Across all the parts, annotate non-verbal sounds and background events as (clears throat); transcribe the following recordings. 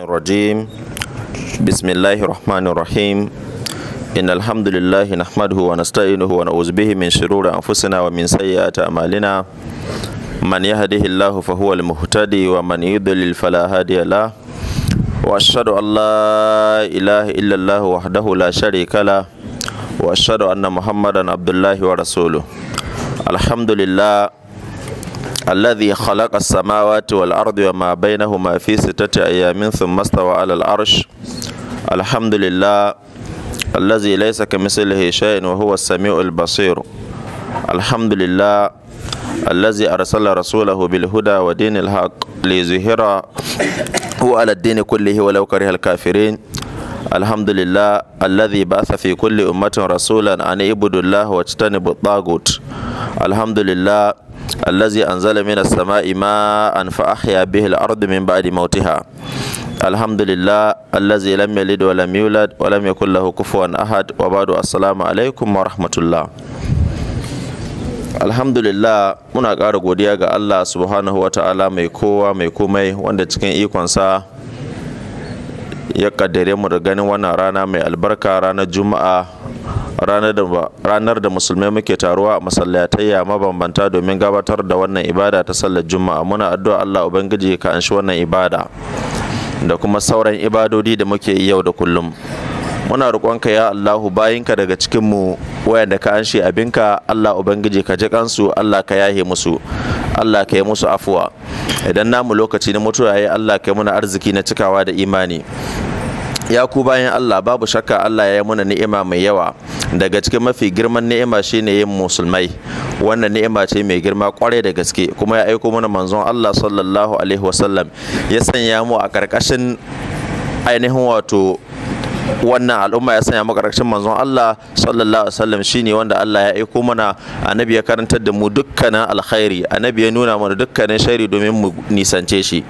الرجيم بسم الله الرحمن الرحيم إن الحمد لله نحمده ونستعينه ونعوذ به من شرور أنفسنا ومن سيئات أعمالنا من يهده الله فهو المهتدي ومن يضلل فلا هادي له وأشهد أن لا إله إلا الله وحده لا شريك له وأشهد أن محمدا عبد الله ورسوله الحمد لله الذي خلق السماوات والأرض وما بينهما في ستة أيام ثم استوى على العرش الحمد لله الذي ليس كمثله شيء وهو السميع البصير الحمد لله الذي أرسل رسوله بالهدى ودين الحق ليظهره على الدين كله ولو كره الكافرين الحمد لله الذي بعث في كل أمة رسولا أن اعبدوا الله واجتنبوا الطاغوت الحمد لله allazi anzala minas sama'i ma'an fa ahya bihi al-ardu min ba'di mautiha alhamdulillah allazi lam yalid wa lam yulad wa lam yakul lahu kufuwan ahad wa ba'du assalamu alaikum wa rahmatullah alhamdulillah muna ƙara godiya ga Allah subhanahu wa ta'ala mai kowa mai komai wanda cikin ikon sa ya kaddare mu da ganin wannan rana mai albarka ranar juma'a ranar da musulmai muke taruwa a masallatayya mabambanta domin gabatar da wannan ibada ta sallar juma'a muna addu'a Allah ubangiji ka anshi wannan ibada da kuma sauran ibadodi da muke yi yau da kullum muna roƙonka ya Allahu bayinka daga cikin mu wayanda ka anshi abinka Allah ubangiji ka ji kansu Allah ka yahe musu Allah ka yi musu afuwa idan namu lokaci na mutuwa ya Allah ka yi muna arziki na cikawa da imani ya ku bayan Allah babu shakka Allah ya yi mana ni'ima mai yawa daga cikin mafi girman ni'ima shine yin musulmai wannan ni'ima ce mai girma kwarai da gaske kuma ya aiko mana manzon Allah sallallahu alaihi wasallam ya sanya mu a karkashin ainihin wato wannan al'umma ya sanya mu karkashin manzon Allah sallallahu alaihi wasallam shine wanda Allah ya aiko mana annabi ya karantar da mu dukkanin alkhairi annabi ya nuna mana dukkanin shari domin mu nisance shi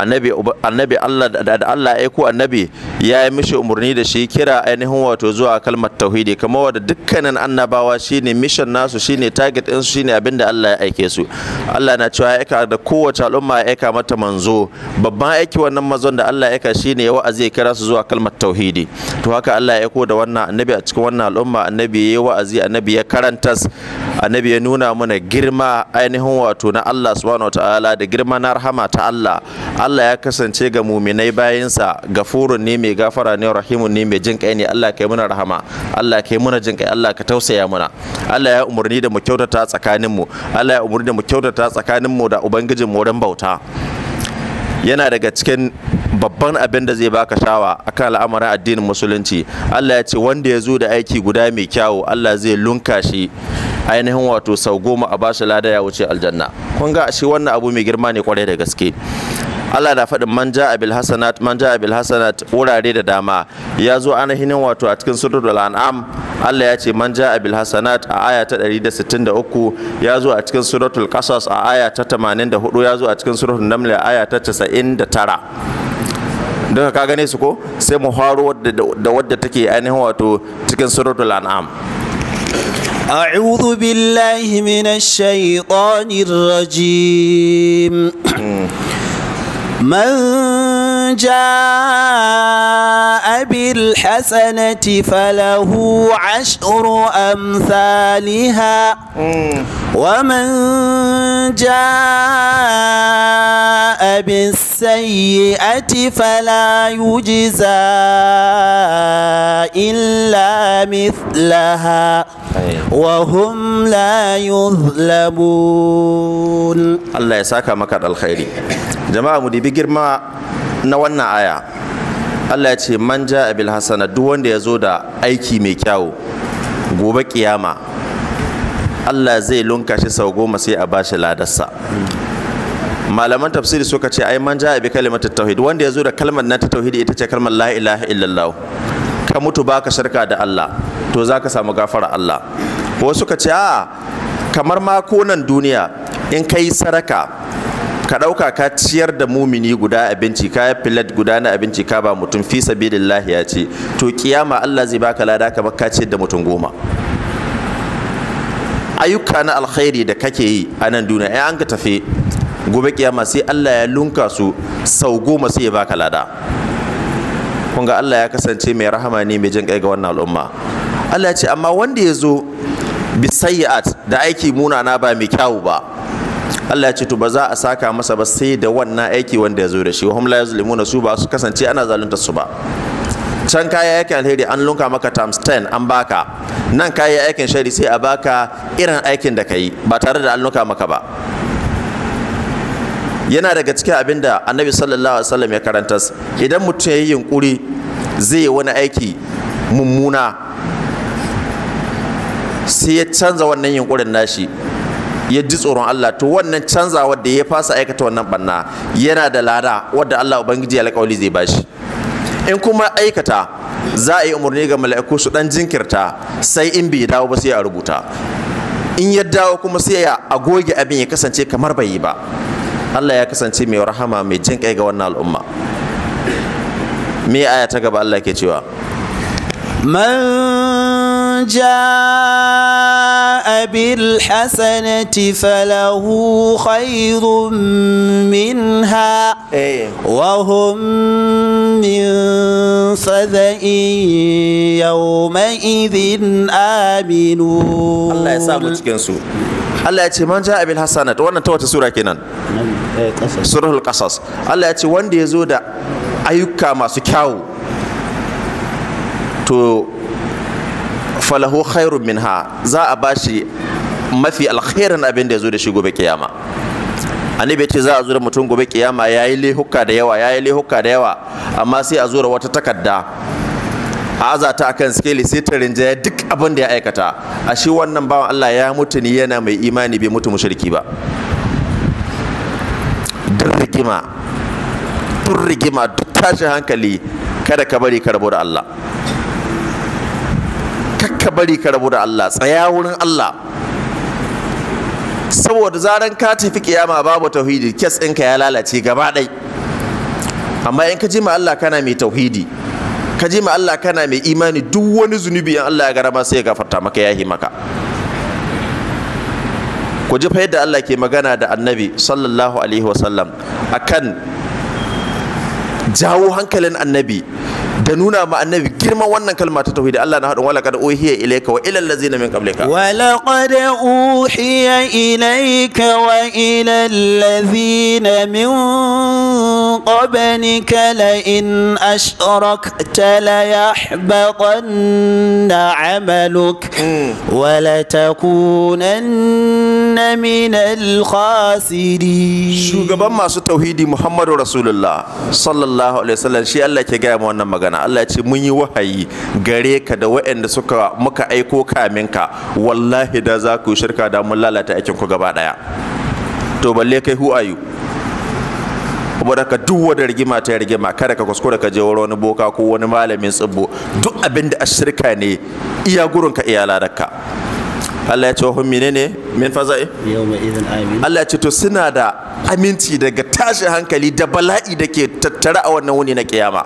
annabi Allah da Allah ya ko annabi ya yi mishi umarni da shi kira ainihin wato zuwa kalmar tauhidi kamar wanda dukkanin annabawa shine mission nasu shine target din su shine abin da Allah ya aike su Allah na cewa aika da kowace al'umma ya aika mata manzo babban aiki wannan manzon da Allah ya aika shine ya wa'azi ya kira su zuwa kalmar tauhidi to haka Allah ya aiko da wannan annabi a cikin wannan al'umma annabi ya yi wa'azi annabi ya karanta annabi ya nuna mana girma ainihin wato na Allah subhanahu wataala da girma na rahama ta Allah Allah ya kasance ga muminai bayansa gafurun ne mai gafara ne rahimun ne mai jin ne Allah kai muna rahama Allah kai muna jin Allah ka tausaya muna Allah ya umarni da mu kyautata tsakanin mu Allah ya umarni da mu kyautata tsakanin mu da ubangijin mu dan bauta yana daga cikin babban abin da zai baka shawa akan al'amarin addinin musulunci Allah ya ce wanda ya zo da aiki guda mai kyawu Allah zai lunka shi ainihin wato sau goma a bashi lada ya wuce aljanna kun ga shi wannan abu mai girma ne kwarai da gaske Allah na faɗin manja abil hasanat manja abil hasanat wurare da dama ya zo ainihin wato a cikin suratul an'am Allah ya ce manja abil hasanat a aya ta 163 ya zo a cikin suratul qasas a aya ta 84 ya zo a cikin suratul naml a aya ta 99 don ka gane su ko sai mu haro da wadda take ainihin wato cikin suratul an'am أعوذ بالله من الشيطان rajim. (clears throat) من جاء بالحسنة فله عشر أمثالها ومن جاء بالسنة السيئة فلا يجزى إلا مثلها وهم لا يظلمون الله يساك مكاد الخير جماعة مدي girma na wannan aya Allah ya ce man ja abil hasana duk wanda ya zo da aiki mai kyawu gobe ƙiyama. Allah zai lunka shi sau goma sai a bashi ladarsa malaman tafsiri suka ce ai man ja'a bi kalimatu tauhid wanda ya zo da kalmar na ta tauhidi ita ce kalmar la ilaha illallah ka mutu baka shirka da Allah to zaka samu gafara Allah wasu suka ce a kamar ma konan duniya in kai saraka ka ɗauka ka ciyar da mumini guda abinci ka yi filet guda na abinci ka ba mutum fi sabilillah ya ce to kiyama Allah zai baka lada ka baka ciyar da mutum goma ayyuka na alkhairi da kake yi a nan duniya ai an ka tafi gobe kiyama sai Allah ya lunka su sau goma sai ya baka lada kun Allah ya kasance mai rahama ne mai jin kai ga wannan al'umma Allah ya ce amma wanda ya zo sayyi'at da aiki munana ba mai kyawu ba Allah ya ce to ba za a saka masa ba sai da wannan aiki wanda ya zo da shi wahum la yuzlimuna su ba su kasance ana zalunta su ba can kaya yakin alheri an lunka maka times 10 an baka nan kaya yakin shari sai a baka irin aikin da ka ba tare da an lunka maka ba yana daga cikin abin da annabi sallallahu alaihi wasallam ya karanta idan mutum ya yi yunkuri zai yi wani aiki mummuna sai ya canza wannan yunkurin nashi ya ji tsoron Allah to wannan canza wanda ya fasa aikata wannan banna yana da lada wadda Allah ubangiji alƙawali zai bashi in kuma aikata za a yi umarni ga mala'iku su dan jinkirta sai in bai dawo ba sai a rubuta in ya dawo kuma sai ya goge abin ya kasance kamar bai yi ba Allah ya kasance mai rahama mai jin kai ga wannan al'umma me aya ta gaba Allah ke cewa man جاء بالحسنة فله خير منها وهم من فزع يومئذ آمنون الله يسامح cikinsu Allah ya ce wannan ta wata sura kenan suratul wanda ya zo da ayyuka masu kyawu falahu khairun minha za a bashi mafi alkhairin abin da ya zo da shi gobe kiyama annabi ce za a zo da mutum gobe kiyama ya yi lehuka da yawa ya yi lehuka da yawa amma sai a zo da wata takarda a azata akan skeli sai ta rinjaya duk abin da ya aikata a shi wannan bawan Allah ya mutu ni yana mai imani bai mutu mushriki ba duk rigima duk rigima duk tashin hankali kada ka bari ka rabu da Allah kakka bari ka rabu da Allah tsaya wurin Allah saboda zaran ka tafi kiyama babu tauhidi kes ɗinka ya lalace gaba ɗai amma in ka ji ma Allah kana mai tauhidi ka ji ma Allah kana mai imani duk wani zunubi in Allah ya garama sai ya gafarta maka yahi maka ku ji fa yadda Allah ke magana da annabi sallallahu alaihi wasallam akan jawo hankalin annabi da nuna ma annabi girman wannan kalma ta tauhidi Allah na hadin walaqad uhiya ilayka wa ila allazina min qablika walaqad uhiya ilayka wa ila allazina min قبلك لئن أشركت ليحبطن عملك ولتكونن من الخاسرين shugaban masu tauhidi muhammadu rasulullah sallallahu alaihi wasallam shi Allah ke gaya wannan magana Allah ya ce mun yi wahayi gare ka da waɗanda suka muka aiko kamin ka wallahi da za ku shirka da mun lalata aikin ku gaba daya to balle kai who are you Kuma ka duk wani rigima ta rigima kada ka kuskura ka je wurin wani boka ko wani malamin tsibbo duk abin da ashirka ne iya gurin ka iya ladarka Allah ya ce wahun ne min faza'i Allah ya ce to suna da aminci daga tashin hankali da bala'i da ke tattara a wannan wuni na kiyama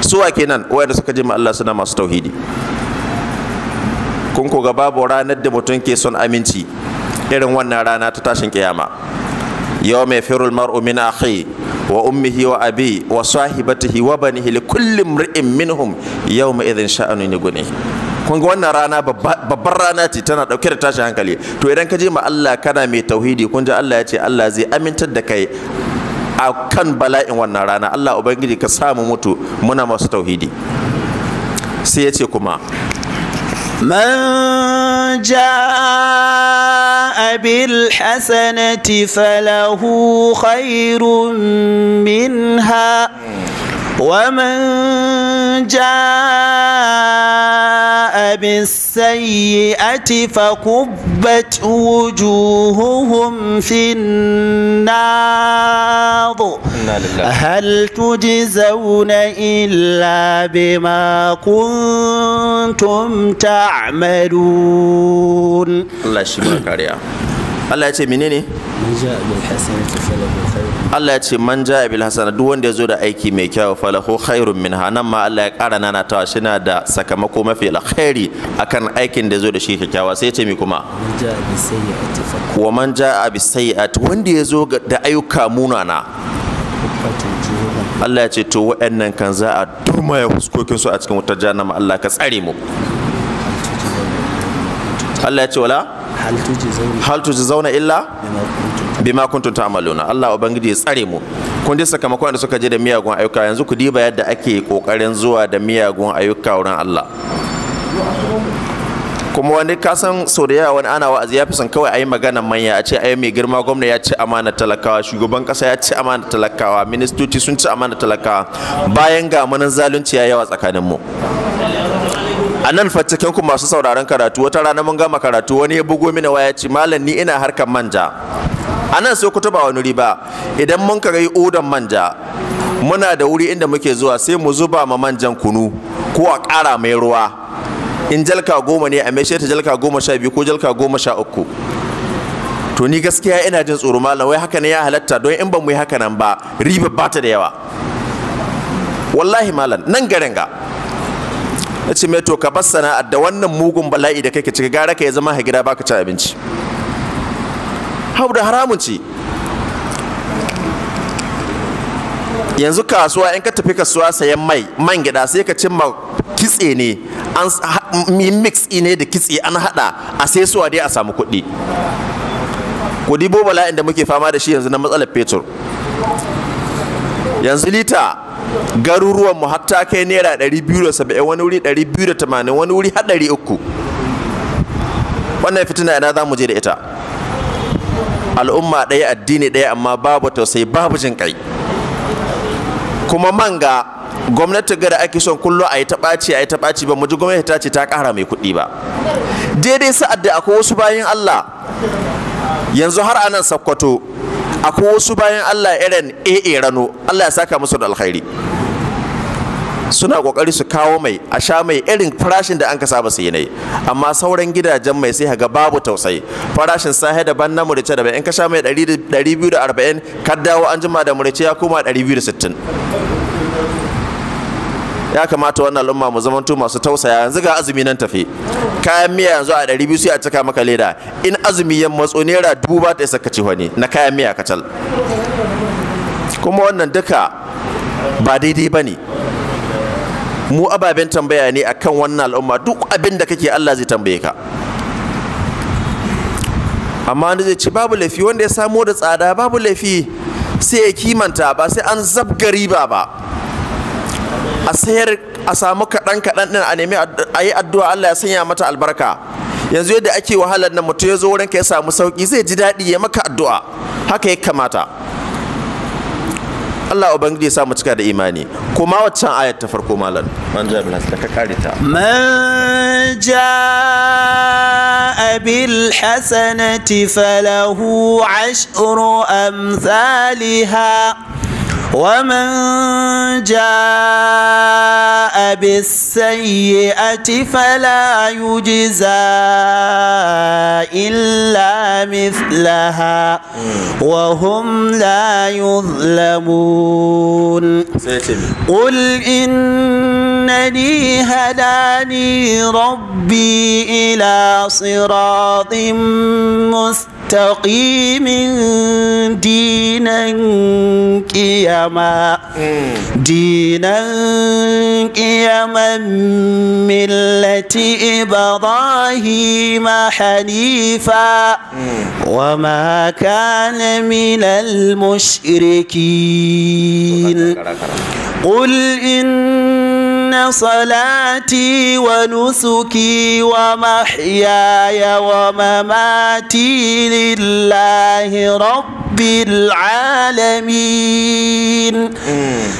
suwa kenan wanda suka ma Allah suna masu tauhidi kun ko ga babu ranar da mutum ke son aminci irin wannan rana ta tashin kiyama يوم يفر المرء من أخيه وأمه وأبيه وصاحبته وبنيه لكل امرئ منهم يومئذ شأن يغنيه kun ga wannan rana babbar rana ce tana dauke da tashin hankali to idan ka je ma Allah kana mai tauhidi kun ji Allah ya ce Allah zai amintar da kai a kan bala'in wannan rana Allah ubangiji ka sa mu mutu muna masu tauhidi sai ya ce kuma man jaa بالحسنة فله خير منها ومن جاء بالسيئة فكبت وجوههم في النار هل تجزون إلا بما كنتم تعملون الله يشفيك يا Allah ya ce menene? Ja'a bil hasanati falahu Allah ya ce man ja'a bil hasana duk wanda ya zo da aiki mai kyau falahu khairun minha nan ma Allah ya ƙara nana ta shi na da sakamako mafi alkhairi akan aikin da ya zo da shi kyakkyawa sai ya ce mi kuma wa man ja'a bis sayyi'ati wanda ya zo da ayyuka munana Allah ya ce to wa'annan kan za a durmaya huskokin su a cikin wutar jahannama Allah ka tsare mu Allah ya ce wala hal tuji zauna illa bima kuntum ta'maluna Allah ubangiji ya tsare mu kun dai sakamakon da suka je da miyagun ayyuka yanzu ku diba yadda ake kokarin zuwa da miyagun ayyuka wurin Allah kuma wani kasan sau da wani ana wa'azi ya fi son kawai ayi magana manya a ce a mai girma gwamna ya ci amana talakawa shugaban kasa ya ci amana talakawa ministoci sun ci amana talakawa bayan ga munin zalunci ya yawa tsakanin mu a nan fa ku masu sauraron karatu wata rana mun gama karatu wani ya bugo mini waya ce malam ni ina harkar manja a nan ku ba wani riba idan mun karai udan manja muna da wuri inda muke zuwa sai mu zuba ma manjan kunu ko a ƙara mai ruwa in jalka goma ne a mai ta jalka goma sha biyu ko jalka goma sha uku to ni gaskiya ina jin tsoro malam wai haka ne ya halatta don in ban mu yi haka nan ba riba ba ta da yawa wallahi malam nan garin ga ya ce mai to ka bar sana'ar da wannan mugun bala'i da kake cika gara ka ya zama ha gida baka ci abinci saboda haramun ce yanzu kasuwa in ka tafi kasuwa sayan mai man gida sai ka cimma kitse ne an mix ne da kitse an hada a sai suwa dai a samu kuɗi ku bo bala'in da muke fama da shi yanzu na matsalar fetur yanzu lita garuruwan mu hatta kai naira 270 wani wuri 280 wani wuri har 300 wannan fitina ina za mu je da ita al'umma ɗaya addini ɗaya amma babu tausayi babu jin kai kuma manga gwamnati ga da ake son kullum a yi ta ɓaci a yi ta ɓaci ba mu ji gwamnati ta ce ta ƙara mai kuɗi ba daidai sa'ad da akwai wasu bayan Allah yanzu har anan sakkwato akwai wasu bayan Allah irin AA rano Allah ya saka musu da alkhairi suna kokari su kawo mai a sha mai irin farashin da an ka saba sai ne amma sauran gidajen mai sai ga babu tausayi farashin sahe ban na murice bai, in ka sha mai 240 kar dawo an jima da murice ya koma 260 ya kamata wannan al'umma mu zamanto masu tausaya yanzu ga azumi nan tafi kayan miya yanzu a 200 sai a cika maka leda in azumi ya matso naira dubu ba ta isa ka ci wani na kayan miya kacal kuma wannan duka ba daidai ba ne mu ababen tambaya ne akan wannan al'umma duk abin da kake Allah zai tambaye ka amma wanda zai ci babu laifi wanda ya samo da tsada babu laifi sai ya kimanta ba sai an zabga riba ba a sayar a samu kaɗan kaɗan ɗin a nemi a yi addu'a Allah ya sanya mata albarka yanzu yadda ake wahalar nan mutum ya zo wurin ya samu sauki zai ji daɗi ya maka addu'a haka ya kamata Allah ubangiji ya sa mu cika da imani kuma waccan ayat ta farko malam man ja bil da ka kare ta man ja bil hasanati falahu ashru amsalha ومن جاء بالسيئة فلا يجزى إلا مثلها وهم لا يظلمون قل إنني هداني ربي إلى صراط مستقيم تقي من دينا قيما دينا قيما ملة إبراهيم حنيفا وما كان من المشركين قل إن إن صلاتي ونسكي ومحياي ومماتي لله رب العالمين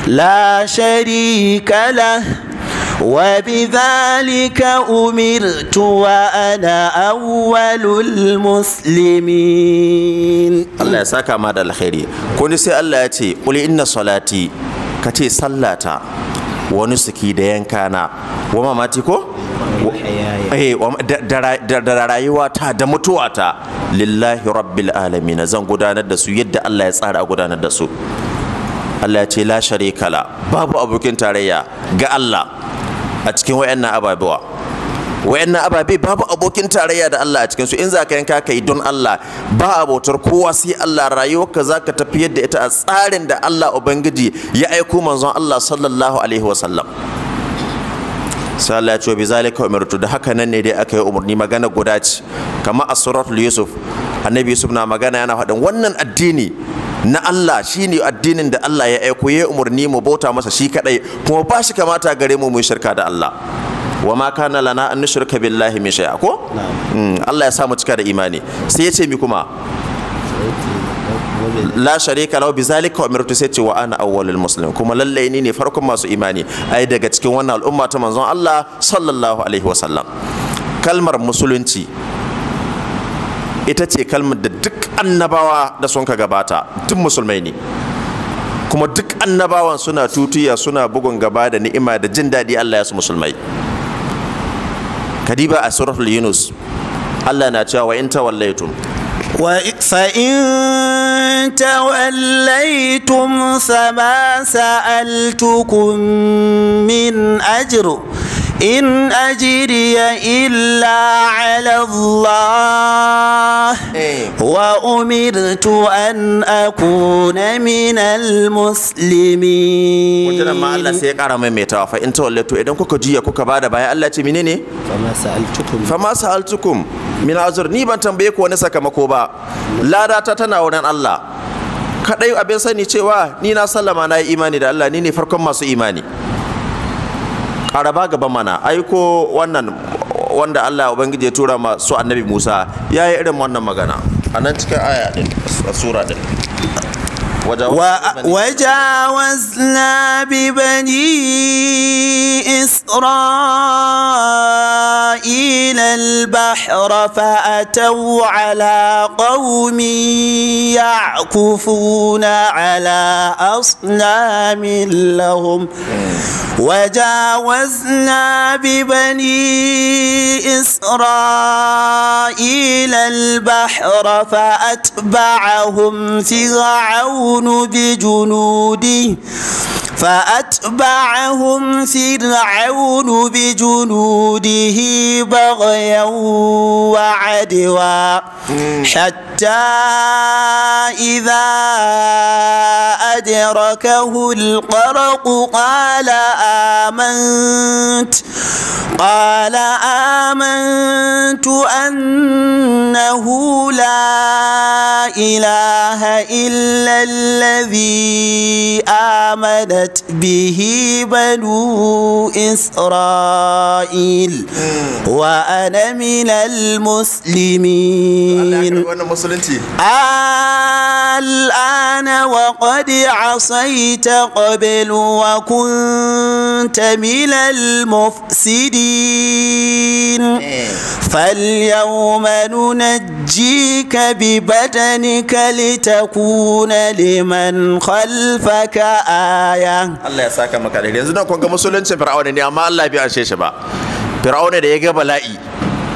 لا شريك له وبذلك أمرت وأنا أول المسلمين الله يساك ما الخير كوني سي الله يتي قل إن صلاتي كتي صلاتا wani suki da yanka na wa mamati ko eh, da rayuwata da mutuwata lillahi rabbil na zan gudanar da su yadda Allah ya tsara a gudanar da su Allah ya ce la sharika babu abokin tarayya ga Allah a cikin wayannan ababuwa wayannan ababe babu abokin tarayya da Allah a cikin su in zaka yanka kai don Allah ba abotar kowa sai Allah rayuwarka zaka tafi yadda ita a tsarin da Allah ubangiji ya aiko manzon Allah sallallahu alaihi wasallam Sallallahu bi zalika umirtu da haka nan ne dai aka yi umarni magana guda ce kamar as yusuf annabi yusuf na magana yana faɗin wannan addini na Allah shine addinin da Allah ya aiko ya umarni mu bauta masa shi kadai kuma ba shi kamata gare mu mu shirka da Allah wa ma kana lana an nushrika billahi min shay'a ko mm, Allah ya sa mu cika da imani sai ya ce mi kuma la sharika lahu bizalika umirtu sai ce wa ana awwalul muslim kuma lalle ni ne farkon masu imani ai daga cikin wannan al'umma ta manzon Allah sallallahu alaihi wasallam kalmar musulunci ita ce kalmar da duk annabawa da sun ka gabata duk musulmai ne kuma duk annabawan suna tutuya suna bugun gaba da ni'ima da jin daɗi Allah ya su musulmai kadiba a suratul yunus allah na cewa in tawallaitum فإن توليتم فما سألتكم من أجر إن أجري إلا على الله وأمرت أن أكون من المسلمين وجنا ما الله سيقرا من ميتا فإن تولتوا إذن كوكا جيا كوكا بعد بايا الله تمينيني فما سألتكم فما سألتكم من أجر نيبا بان تنبيكو ونسا كما كوبا لا داتا تناونا الله kadai abin sani cewa ni na sallama na yi imani da Allah ni ne farkon masu imani Araba gaba mana aiko wannan wanda Allah ubangiji ya tura ma su annabi Musa ya yi irin wannan magana a nan cikin aya din a sura din وجاوزنا ببني إسرائيل البحر فأتوا على قوم يعكفون على أصنام لهم وجاوزنا ببني إسرائيل البحر فأتبعهم فرعون يكونوا بجنوده فأتبعهم فرعون بجنوده بغيا وعدوا حتى إذا أدركه القرق قال آمنت قال آمنت أنه لا إله إلا الذي آمنت كذبت به بنو إسرائيل وأنا من المسلمين الآن وقد عصيت قبل وكنت كنت من المفسدين فاليوم ننجيك ببدنك لتكون لمن خلفك آية الله يساك مكاله لنزلنا كونك مسلم سفرعون يا ما الله بيان شيء شبا فرعون يا بلائي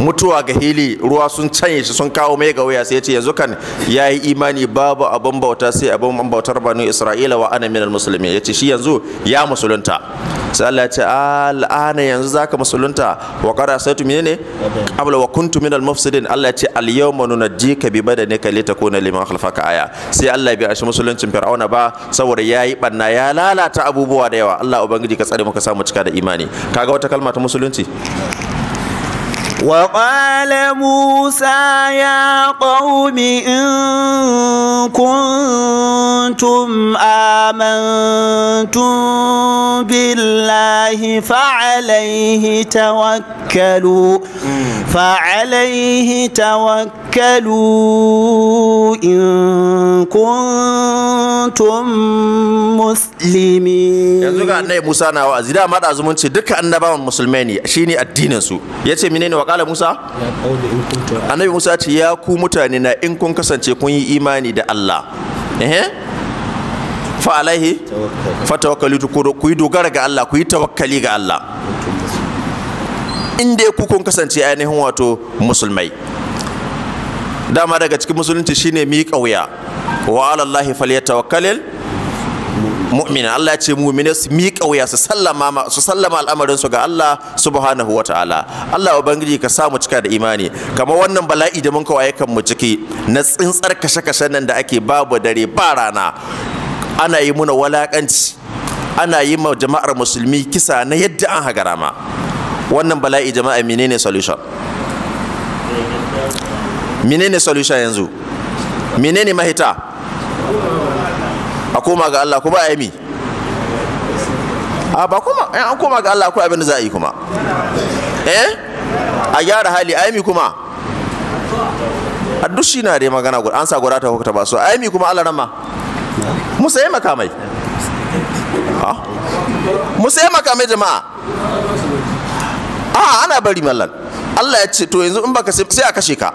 mutuwa ga hili ruwa sun canye shi sun kawo mai ga waya sai ya ce yanzu kan yayi imani babu abin bauta sai abin bautar banu isra'ila wa ana minal muslimin yace shi yanzu ya musulunta sai Allah ya ce al'ana ah, yanzu zaka musulunta wa qara saitu menene qabla wa kuntu al mufsidin Allah ya ce al yawma ka bi badanika litakuna liman khalfaka aya sai Allah bai ashi musuluncin fir'auna ba saboda yayi banna ya lalata abubuwa da yawa Allah ubangiji ka tsare muka samu cika da imani kaga wata kalma ta musulunci وقال musa ya قوم إن كنتم آمنتم بالله فعليه توكلوا فعليه توكلوا إن yanzu ga annabi Musa na wa'azi da ma da zumunci duka annabawan musulmai ne addininsu addinin su yace menene wa kala musa annabi musa ce ya ku mutane na in kun kasance kun yi imani da allah eh fa alaihi fa tawakkalu ku yi dogara ga allah ku yi tawakkali ga allah in dai ku kun kasance ainihin wato musulmai dama daga cikin musulunci shine mi kauya wa alallahi falyatawakkalil mu'mina Allah ce mu'mina su miƙa wuya su sallama su sallama al'amarin su ga Allah subhanahu wataala Allah ubangiji ka samu cika da imani kamar wannan bala'i da mun waye kan mu ciki na tsintsar kashe kashe nan da ake babu dare ba rana ana yi muna walakanci ana yi ma jama'ar musulmi kisa na yadda an hagara ma wannan bala'i jama'a menene solution menene solution yanzu menene mahita a koma ga Allah ko ba a yi a ba kuma eh, an koma ga Allah ko abin da za a yi kuma eh a gyara hali a yi kuma a duk shi na dai magana gudu an sa gura ta hukuta ba so a yi kuma Allah rama mu sai makamai mu sai makamai jama'a a ah, ana bari mallan Allah ya ce to yanzu in baka sai a kashe ka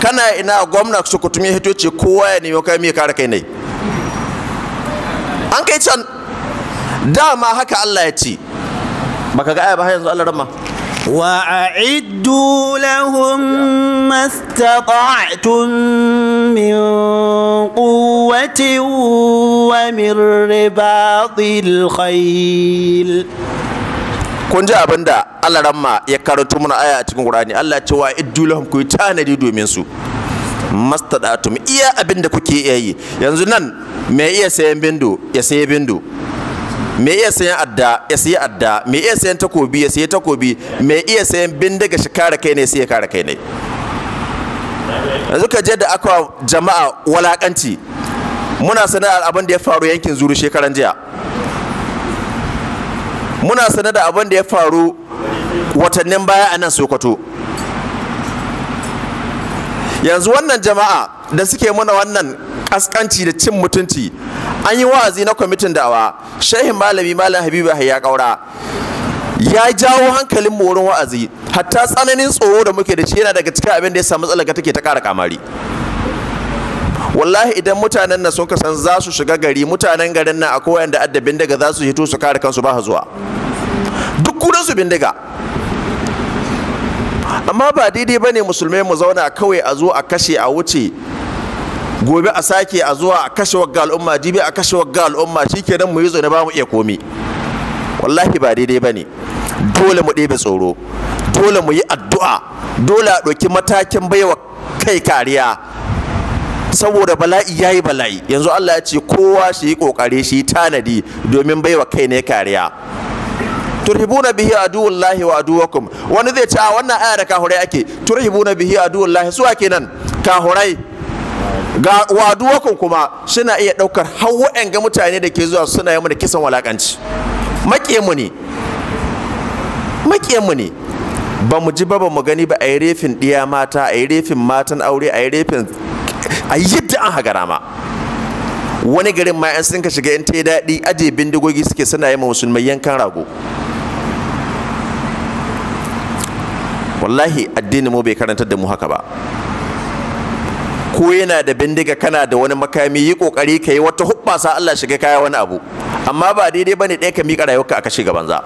kana ina gwamna su kutume hito ce kowa ya nemi kai me kare kai ne an kai can dama haka Allah ya ce baka ga aya ba yanzu Allah rama وأعدوا لهم ما استطعتم من قوة ومن رباط الخيل kun ji abin da Allah ramma ya karanto mana aya a cikin Qur'ani Allah ya ce wa iddu lahum ku tanadi domin su mastadatum iya abin da kuke iya yi yanzu nan me iya sayan bindu ya sayi bindu me iya sayan adda ya sayi adda me iya sayan takobi ya sayi takobi me iya sayan bindiga shi kare kai ne sai kara kare kai ne yanzu ka je da aka jama'a walakanci muna sanar abin da ya faru yankin zuru shekaran jiya muna sanar da abin da ya faru watannin baya a nan sokoto yanzu wannan jama'a da suke mana wannan kaskanci da cin mutunci an yi wa'azi na kwamitin dawa shehin malami malam habibu ya kaura ya jawo hankalin mu wurin wa'azi hatta tsananin tsoro da muke da shi yana daga cikin abin da ya samu matsalar take ta kara kamari wallahi idan mutanen nan sun kasan za su shiga gari mutanen garin nan akwai wanda addabin daga za su hito su kare kansu ba zuwa duk su bindiga amma ba daidai ba ne musulmai mu zauna kawai a zo a kashe a wuce gobe a sake a zuwa a kashe wagga al'umma jibi a kashe wagga al'umma shi nan mu yi zaune ba mu iya komi wallahi ba daidai ba ne dole mu ɗebe tsoro dole mu yi addu'a dole a ɗauki matakin baiwa kai kariya saboda bala'i ya yi bala'i yanzu allah ya ce kowa shi yi ƙoƙari shi tanadi domin baiwa kai ne kariya turhibuna bihi aduwallahi wa aduwakum wani zai ce a wannan aya da kahurai ake turhibuna bihi aduwallahi su ake nan kahurai ga aduwakum kuma suna iya daukar har ga mutane da ke zuwa suna yi mana kisan walakanci mu ne mu ne ba mu ji ba ba mu gani ba a yi refin ɗiya mata a yi refin matan aure a yi refin a yadda an hagarama wani garin ma yan sun ka shiga yan ta yi daɗi aje bindigogi suke suna yi ma musulmai yankan rago wallahi addinin mu bai karantar da mu haka ba ko yana da bindiga kana da wani makami yi kokari ka yi wata hubbasa Allah shiga kaya wani abu amma ba daidai bane ɗaya ka miƙa rayuwarka aka shiga banza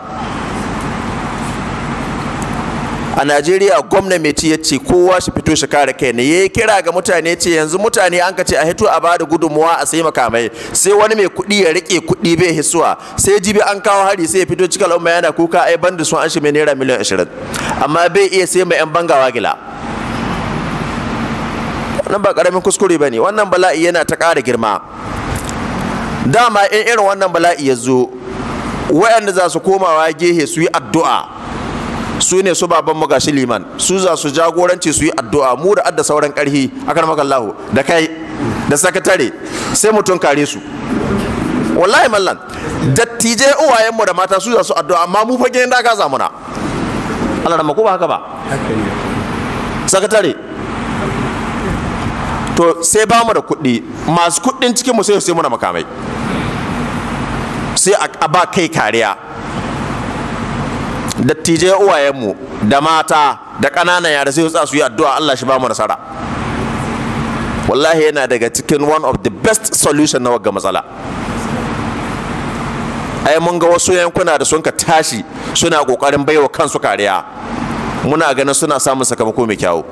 a najeriya gwamna mai ci yace kowa shi fito shi kare kai ne ya yi kira ga mutane ce yanzu mutane an kace a hito a bada gudunmuwa a sai makamai sai wani mai kuɗi ya rike kuɗi bai hisuwa sai jibi an kawo hari sai ya fito cikin al'umma yana kuka ai bandu sun an shi mai naira miliyan ashirin amma bai iya sai mai yan bangawa gila wannan ba karamin kuskure bane ne wannan bala'i yana ta kara girma dama in irin wannan bala'i ya zo wayanda za su komawa gehe su yi addu'a su ne su baban mu gashi liman su za su jagoranci su yi addu'a mu da adda sauran karhi akan makallahu da kai da sakatare sai mutum kare su wallahi mallan dattijai uwayen mu da mata su za su addu'a amma mu fage da ka zamuna Allah na ba haka ba sakatare to sai ba mu da kuɗi masu kuɗin cikin mu sai sai muna makamai sai a ba kai kariya dattijai uwayenmu da mata da ƙananan yara sai su su yi addu'a Allah shi ba mu nasara wallahi yana daga cikin one of the best solution na wagga matsala ai mun ga wasu yankuna da sun ka tashi suna kokarin baiwa kansu kariya muna ganin suna samun sakamako mai kyawu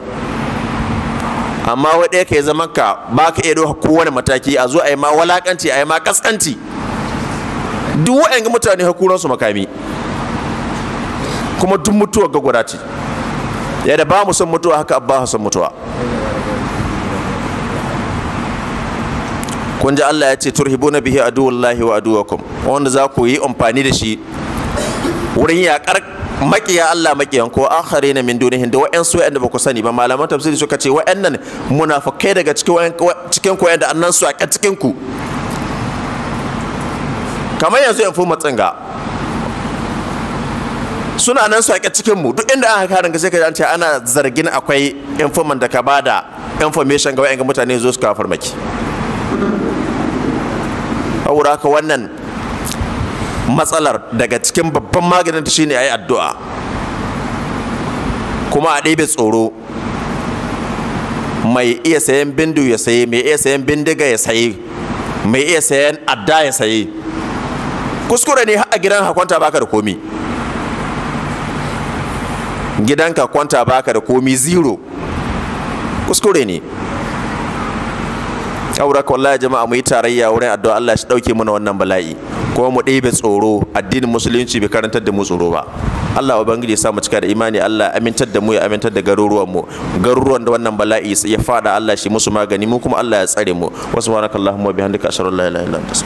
amma wai ɗaya ka yi zaman ka ba ka iya doka kowane mataki a zo a yi ma walakanci a yi ma kaskanci duk wa'yan mutane hakuransu makami kuma duk mutuwa ga guda ya yadda ba mu son mutuwa haka ba son mutuwa kun ji Allah ya ce turhibuna bihi aduwallahi wa aduwakum wanda za ku yi amfani da shi wurin yakar makiya Allah makiyan ko akharina min dunihim da wa'ansu wa'anda ba ku sani ba malaman tafsiri suka ce wa'annan munafikai daga cikin cikin ku wa'anda annan su a cikin ku kamar yanzu in fu matsanga suna nan su cikin mu duk inda an haka sai ka an ce ana zargin akwai informant da ka bada information ga wayanga mutane zo su ka farmaki saboda ka wannan matsalar daga cikin babban maganin ta shine ayi addu'a kuma a ɗebe tsoro mai iya sayan bindu ya sayi mai iya sayan bindiga ya sayi mai iya sayan adda ya sayi kuskure ne a gidan hakonta baka da komi gidanka kwanta baka da komi zero kuskure ne aura wallahi jama'a mu yi tarayya wurin addu'a Allah shi dauke mana wannan bala'i kuma mu ɗebe tsoro addinin musulunci bai karantar da mu tsoro ba Allah ubangiji sa mu cika da imani Allah amintar da mu ya amintar da garuruwan mu garuruwan da wannan bala'i ya fada Allah shi musu magani mu kuma Allah ya tsare mu wasu subhanakallahumma bihamdika ashhadu an la ilaha illa anta